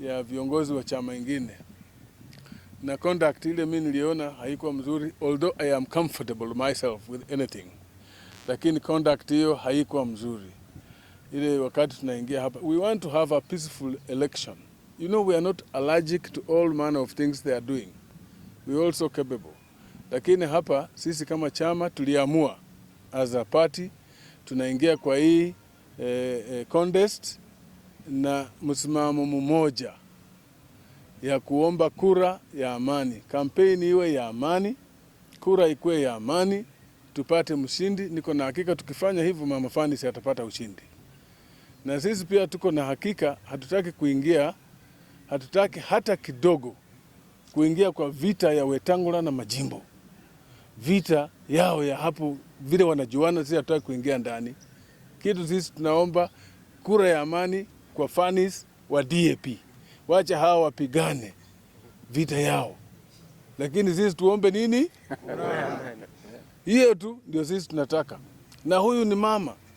ya viongozi wa chama ingine, na conduct ile mimi niliona haikuwa mzuri, although I am comfortable myself with anything, lakini conduct hiyo haikuwa mzuri. Ile wakati tunaingia hapa, we want to have a peaceful election. You know we are not allergic to all manner of things they are doing, we are also capable. Lakini hapa sisi kama chama tuliamua as a party tunaingia kwa hii eh, eh, contest na msimamo mmoja ya kuomba kura ya amani. Kampeni iwe ya amani, kura ikuwe ya amani, tupate mshindi. Niko na hakika tukifanya hivyo, mama Fanisi atapata ushindi, na sisi pia tuko na hakika. Hatutaki kuingia, hatutaki hata kidogo kuingia kwa vita ya Wetangula na majimbo, vita yao ya hapo vile wanajuana. Sisi hatutaki kuingia ndani kitu. Sisi tunaomba kura ya amani kwa fanis wa DAP, wacha hawa wapigane vita yao, lakini sisi tuombe nini? Hiyo tu ndio sisi tunataka, na huyu ni mama